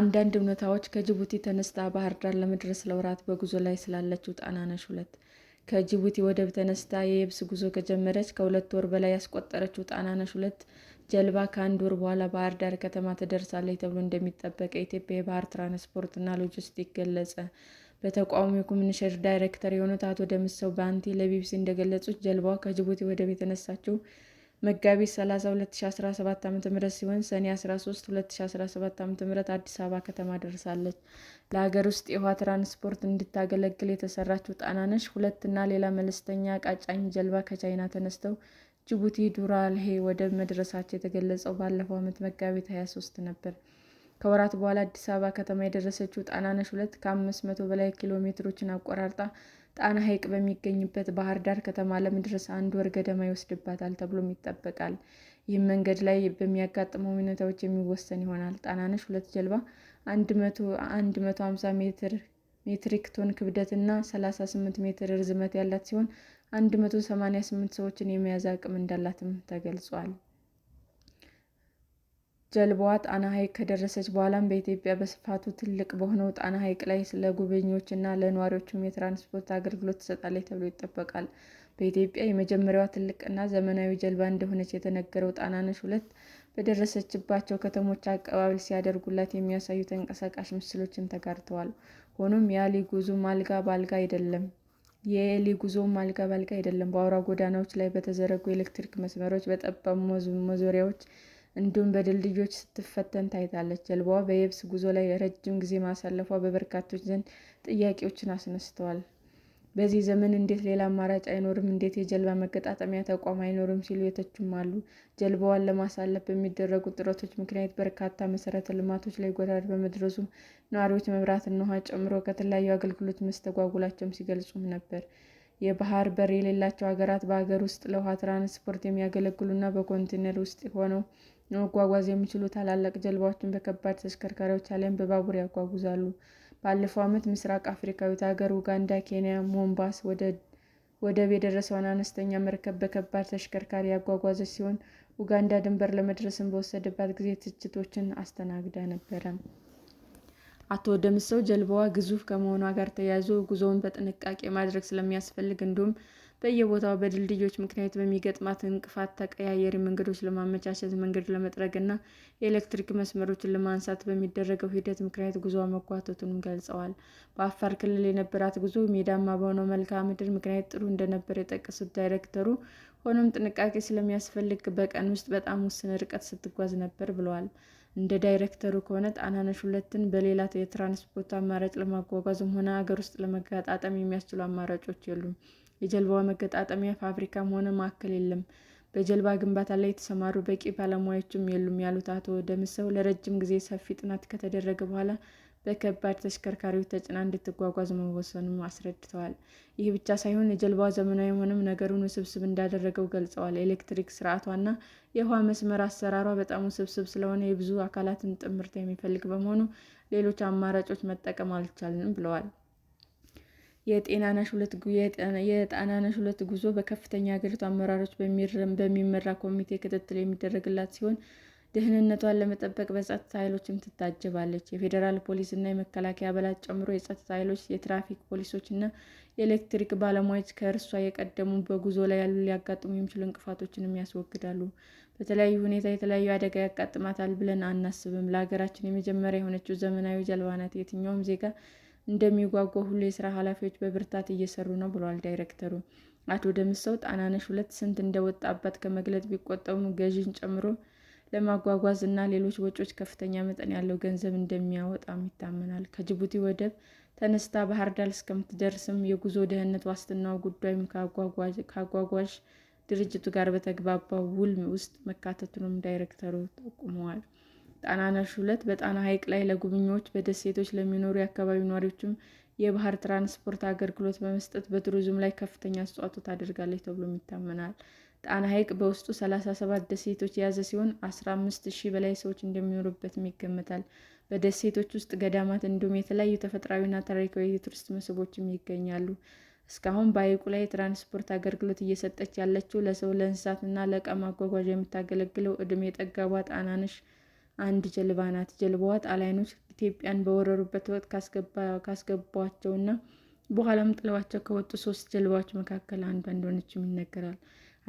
አንዳንድ እውነታዎች ከጅቡቲ ተነስታ ባህር ዳር ለመድረስ ለወራት በጉዞ ላይ ስላለችው ጣናነሽ ሁለት ከጅቡቲ ወደብ ተነስታ የየብስ ጉዞ ከጀመረች ከሁለት ወር በላይ ያስቆጠረችው ጣናነሽ ሁለት ጀልባ ከአንድ ወር በኋላ ባህር ዳር ከተማ ትደርሳለች ተብሎ እንደሚጠበቅ የኢትዮጵያ ትራንስፖርት ትራንስፖርትና ሎጂስቲክ ገለጸ። በተቋሙ የኮሚኒኬሽን ዳይሬክተር የሆኑት አቶ ደምሰው በንቲ ለቢቢሲ እንደገለጹት ጀልባዋ ከጅቡቲ ወደብ የተነሳችው መጋቢት 30 2017 ዓ.ም ሲሆን ሰኔ 13 2017 ዓ.ም አዲስ አበባ ከተማ ደርሳለች። ለሀገር ውስጥ የውሃ ትራንስፖርት እንድታገለግል የተሰራችው ጣናነሽ ሁለት እና ሌላ መለስተኛ ዕቃ ጫኝ ጀልባ ከቻይና ተነስተው ጅቡቲ ዱራልሄ ወደብ መድረሳቸው የተገለጸው ባለፈው ዓመት መጋቢት 23 ነበር። ከወራት በኋላ አዲስ አበባ ከተማ የደረሰችው ጣናነሽ ሁለት ከአምስት መቶ በላይ ኪሎ ሜትሮችን አቆራርጣ ጣና ሐይቅ በሚገኝበት ባህር ዳር ከተማ ለመድረስ አንድ ወር ገደማ ይወስድባታል ተብሎም ይጠበቃል። ይህም መንገድ ላይ በሚያጋጥመው ሁኔታዎች የሚወሰን ይሆናል። ጣናነሽ ሁለት ጀልባ አንድ መቶ ሜትር ሜትሪክ ቶን ክብደት እና 38 ሜትር ርዝመት ያላት ሲሆን 188 ሰዎችን የመያዝ አቅም እንዳላትም ተገልጿል። ጀልባዋ ጣና ሐይቅ ከደረሰች በኋላም በኢትዮጵያ በስፋቱ ትልቅ በሆነው ጣና ሐይቅ ላይ ለጎብኚዎች እና ለነዋሪዎቹም የትራንስፖርት አገልግሎት ትሰጣለች ተብሎ ይጠበቃል። በኢትዮጵያ የመጀመሪያዋ ትልቅና ዘመናዊ ጀልባ እንደሆነች የተነገረው ጣናነሽ ሁለት በደረሰችባቸው ከተሞች አቀባበል ሲያደርጉላት የሚያሳዩ ተንቀሳቃሽ ምስሎችን ተጋርተዋል። ሆኖም የኤሊ ጉዞም አልጋ በአልጋ አይደለም። የኤሊ ጉዞም አልጋ በአልጋ አይደለም። በአውራ ጎዳናዎች ላይ በተዘረጉ የኤሌክትሪክ መስመሮች፣ በጠባብ መዞሪያዎች እንዲሁም በድልድዮች ስትፈተን ታይታለች። ጀልባዋ በየብስ ጉዞ ላይ ረጅም ጊዜ ማሳለፏ በበርካቶች ዘንድ ጥያቄዎችን አስነስተዋል። በዚህ ዘመን እንዴት ሌላ አማራጭ አይኖርም? እንዴት የጀልባ መገጣጠሚያ ተቋም አይኖርም? ሲሉ የተቹም አሉ። ጀልባዋን ለማሳለፍ በሚደረጉ ጥረቶች ምክንያት በርካታ መሰረተ ልማቶች ላይ ጎዳና በመድረሱም ነዋሪዎች መብራትና ውሃ ጨምሮ ከተለያዩ አገልግሎት መስተጓጉላቸውም ሲገልጹም ነበር። የባህር በር የሌላቸው ሀገራት በሀገር ውስጥ ለውሃ ትራንስፖርት የሚያገለግሉና በኮንቴነር ውስጥ ሆነው መጓጓዝ የሚችሉ ታላላቅ ጀልባዎችን በከባድ ተሽከርካሪዎች አሊያም በባቡር ያጓጉዛሉ። ባለፈው ዓመት ምስራቅ አፍሪካዊት ሀገር፣ ኡጋንዳ ኬንያ ሞምባስ ወደብ የደረሰውን አነስተኛ መርከብ በከባድ ተሽከርካሪ ያጓጓዘች ሲሆን፣ ኡጋንዳ ድንበር ለመድረስም በወሰደባት ጊዜ ትችቶችን አስተናግዳ ነበረ። አቶ ደምሰው ጀልባዋ ግዙፍ ከመሆኗ ጋር ተያይዞ ጉዞውን በጥንቃቄ ማድረግ ስለሚያስፈልግ እንዲሁም በየቦታው በድልድዮች ምክንያት በሚገጥማት እንቅፋት ተቀያየሪ መንገዶች ለማመቻቸት መንገድ ለመጥረግ እና የኤሌክትሪክ መስመሮችን ለማንሳት በሚደረገው ሂደት ምክንያት ጉዞ መጓተቱንም ገልጸዋል። በአፋር ክልል የነበራት ጉዞ ሜዳማ በሆነው መልክዓ ምድር ምክንያት ጥሩ እንደነበር የጠቀሱት ዳይሬክተሩ ሆኖም ጥንቃቄ ስለሚያስፈልግ በቀን ውስጥ በጣም ውስን ርቀት ስትጓዝ ነበር ብለዋል። እንደ ዳይሬክተሩ ከሆነ ጣናነሽ ሁለትን በሌላ የትራንስፖርት አማራጭ ለማጓጓዝም ሆነ አገር ውስጥ ለመገጣጠም የሚያስችሉ አማራጮች የሉም። የጀልባዋ መገጣጠሚያ ፋብሪካም ሆነ ማዕከል የለም። በጀልባ ግንባታ ላይ የተሰማሩ በቂ ባለሙያዎችም የሉም ያሉት አቶ ደምሰው ለረጅም ጊዜ ሰፊ ጥናት ከተደረገ በኋላ በከባድ ተሽከርካሪዎች ተጭና እንድትጓጓዝ መወሰኑም አስረድተዋል። ይህ ብቻ ሳይሆን የጀልባዋ ዘመናዊ መሆንም ነገሩን ውስብስብ እንዳደረገው ገልጸዋል። የኤሌክትሪክ ስርዓቷና የውሃ መስመር አሰራሯ በጣም ውስብስብ ስለሆነ የብዙ አካላትን ጥምርታ የሚፈልግ በመሆኑ ሌሎች አማራጮች መጠቀም አልቻልንም ብለዋል። የጣናነሽ ሁለት ጉዞ በከፍተኛ የሀገሪቱ አመራሮች በሚመራ ኮሚቴ ክትትል የሚደረግላት ሲሆን ደህንነቷን ለመጠበቅ በጸጥታ ኃይሎችም ትታጀባለች። የፌዴራል ፖሊስ እና የመከላከያ አባላት ጨምሮ የጸጥታ ኃይሎች፣ የትራፊክ ፖሊሶች እና የኤሌክትሪክ ባለሙያዎች ከእርሷ የቀደሙ በጉዞ ላይ ያሉ ሊያጋጥሙ የሚችሉ እንቅፋቶችንም ያስወግዳሉ። በተለያዩ ሁኔታ የተለያዩ አደጋ ያጋጥማታል ብለን አናስብም። ለሀገራችን የመጀመሪያ የሆነችው ዘመናዊ ጀልባ ናት። የትኛውም ዜጋ እንደሚጓጓ ሁሉ የስራ ኃላፊዎች በብርታት እየሰሩ ነው ብለዋል ዳይሬክተሩ። አቶ ደምሰው ጣናነሽ ሁለት ስንት እንደወጣባት ከመግለጽ ቢቆጠቡም ገዥን ጨምሮ ለማጓጓዝ እና ሌሎች ወጪዎች ከፍተኛ መጠን ያለው ገንዘብ እንደሚያወጣም ይታመናል። ከጅቡቲ ወደብ ተነስታ ባህር ዳር እስከምትደርስም የጉዞ ደህንነት ዋስትናው ጉዳይም ከአጓጓዥ ድርጅቱ ጋር በተግባባው ውል ውስጥ መካተቱንም ዳይሬክተሩ ጠቁመዋል። ጣናነሽ ሁለት በጣና ሐይቅ ላይ ለጉብኚዎች፣ በደሴቶች ለሚኖሩ የአካባቢ ነዋሪዎችም የባህር ትራንስፖርት አገልግሎት በመስጠት በቱሪዝም ላይ ከፍተኛ አስተዋጽኦ ታደርጋለች ተብሎም ይታመናል። ጣና ሐይቅ በውስጡ 37 ደሴቶች የያዘ ሲሆን 15,000 በላይ ሰዎች እንደሚኖሩበትም ይገመታል። በደሴቶች ውስጥ ገዳማት እንዲሁም የተለያዩ ተፈጥሯዊና ታሪካዊ የቱሪስት መስህቦችም ይገኛሉ። እስካሁን በሐይቁ ላይ የትራንስፖርት አገልግሎት እየሰጠች ያለችው ለሰው ለእንስሳትና ለዕቃ ማጓጓዣ የምታገለግለው እድሜ የጠገቧ ጣናነሽ አንድ ጀልባ ናት። ጀልባዋ ጣሊያኖች ኢትዮጵያን በወረሩበት ወቅት ካስገቧቸውና በኋላም ጥለዋቸው ከወጡ ሶስት ጀልባዎች መካከል አንዷ እንደሆነችም ይነገራል።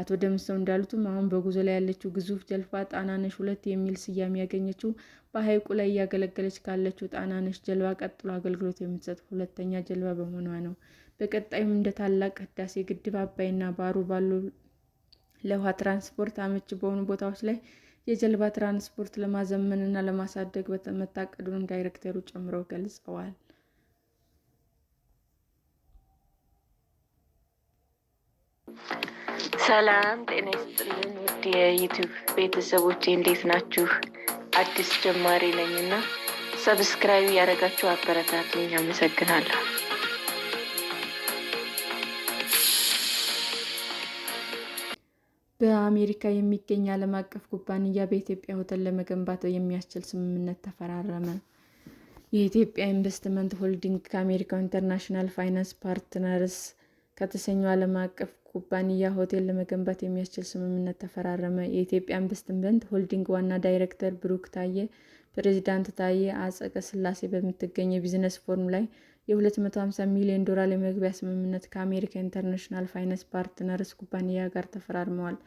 አቶ ደምሰው እንዳሉትም አሁን በጉዞ ላይ ያለችው ግዙፍ ጀልባ ጣናነሽ ሁለት የሚል ስያሜ ያገኘችው በሐይቁ ላይ እያገለገለች ካለችው ጣናነሽ ጀልባ ቀጥሎ አገልግሎት የምትሰጥ ሁለተኛ ጀልባ በመሆኗ ነው። በቀጣይም እንደ ታላቅ ህዳሴ ግድብ፣ አባይና ባሩ ባሉ ለውሃ ትራንስፖርት አመች በሆኑ ቦታዎች ላይ የጀልባ ትራንስፖርት ለማዘመንና ለማሳደግ መታቀዱን ዳይሬክተሩ ጨምረው ገልጸዋል። ሰላም ጤና ይስጥልን ውድ የዩቲዩብ እንዴት ናችሁ? አዲስ ጀማሪ ነኝ እና ሰብስክራይብ ያደረጋችሁ አበረታትኝ። አመሰግናለሁ። በአሜሪካ የሚገኝ ዓለም አቀፍ ኩባንያ በኢትዮጵያ ሆቴል ለመገንባት የሚያስችል ስምምነት ተፈራረመ። የኢትዮጵያ ኢንቨስትመንት ሆልዲንግ ከአሜሪካው ኢንተርናሽናል ፋይናንስ ፓርትነርስ ከተሰኘው ዓለም አቀፍ ኩባንያ ሆቴል ለመገንባት የሚያስችል ስምምነት ተፈራረመ። የኢትዮጵያ ኢንቨስትመንት ሆልዲንግ ዋና ዳይሬክተር ብሩክ ታዬ ፕሬዝዳንት ታዬ አጽቀሥላሴ በምትገኝ የቢዝነስ ፎርም ላይ የ250 ሚሊዮን ዶላር የመግቢያ ስምምነት ከአሜሪካ ኢንተርናሽናል ፋይናንስ ፓርትነርስ ኩባንያ ጋር ተፈራርመዋል።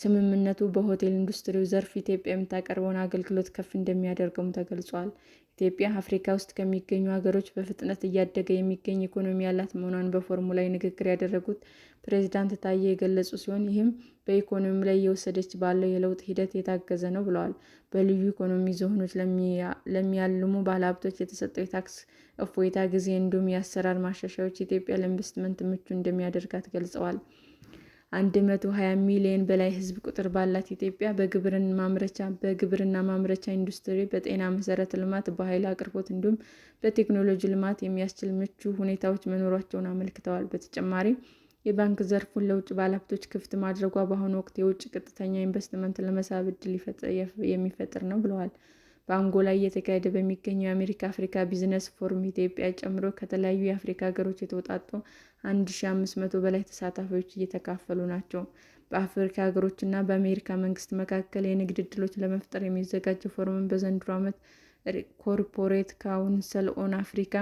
ስምምነቱ በሆቴል ኢንዱስትሪው ዘርፍ ኢትዮጵያ የምታቀርበውን አገልግሎት ከፍ እንደሚያደርገውም ተገልጿል። ኢትዮጵያ አፍሪካ ውስጥ ከሚገኙ ሀገሮች በፍጥነት እያደገ የሚገኝ ኢኮኖሚ ያላት መሆኗን በፎርሙ ላይ ንግግር ያደረጉት ፕሬዝዳንት ታዬ የገለጹ ሲሆን ይህም በኢኮኖሚ ላይ እየወሰደች ባለው የለውጥ ሂደት የታገዘ ነው ብለዋል። በልዩ ኢኮኖሚ ዞኖች ለሚያልሙ ባለሀብቶች የተሰጠው የታክስ እፎይታ ጊዜ እንዲሁም የአሰራር ማሻሻያዎች ኢትዮጵያ ለኢንቨስትመንት ምቹ እንደሚያደርጋት ገልጸዋል። 120 ሚሊዮን በላይ ህዝብ ቁጥር ባላት ኢትዮጵያ በግብርና ማምረቻ በግብርና ማምረቻ ኢንዱስትሪ፣ በጤና መሰረተ ልማት፣ በኃይል አቅርቦት እንዲሁም በቴክኖሎጂ ልማት የሚያስችል ምቹ ሁኔታዎች መኖራቸውን አመልክተዋል። በተጨማሪም የባንክ ዘርፉን ለውጭ ባለሀብቶች ክፍት ማድረጓ በአሁኑ ወቅት የውጭ ቀጥተኛ ኢንቨስትመንት ለመሳብ እድል የሚፈጥር ነው ብለዋል። በአንጎላ እየተካሄደ በሚገኘው የአሜሪካ አፍሪካ ቢዝነስ ፎረም ኢትዮጵያ ጨምሮ ከተለያዩ የአፍሪካ ሀገሮች የተውጣጡ 1500 በላይ ተሳታፊዎች እየተካፈሉ ናቸው። በአፍሪካ ሀገሮችና በአሜሪካ መንግስት መካከል የንግድ እድሎች ለመፍጠር የሚዘጋጀው ፎረም በዘንድሮ ዓመት ኮርፖሬት ካውንስል ኦን አፍሪካ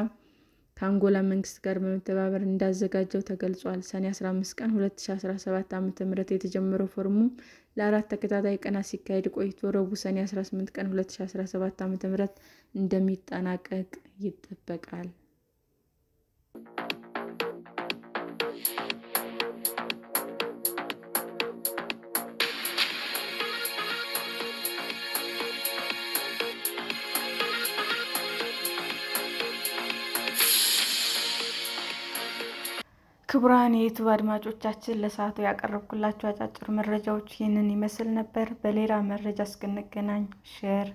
ከአንጎላ መንግስት ጋር በመተባበር እንዳዘጋጀው ተገልጿል። ሰኔ 15 ቀን 2017 ዓ.ም የተጀመረው ፎርሙ ለአራት ተከታታይ ቀናት ሲካሄድ ቆይቶ ረቡዕ ሰኔ 18 ቀን 2017 ዓ.ም እንደሚጠናቀቅ ይጠበቃል። ክቡራን የዩቱብ አድማጮቻችን ለሰዓቱ ያቀረብኩላቸው አጫጭር መረጃዎች ይህንን ይመስል ነበር። በሌላ መረጃ እስክንገናኝ ሼር፣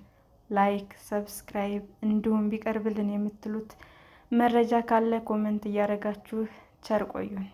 ላይክ፣ ሰብስክራይብ እንዲሁም ቢቀርብልን የምትሉት መረጃ ካለ ኮመንት እያደረጋችሁ ቸር ቆዩን።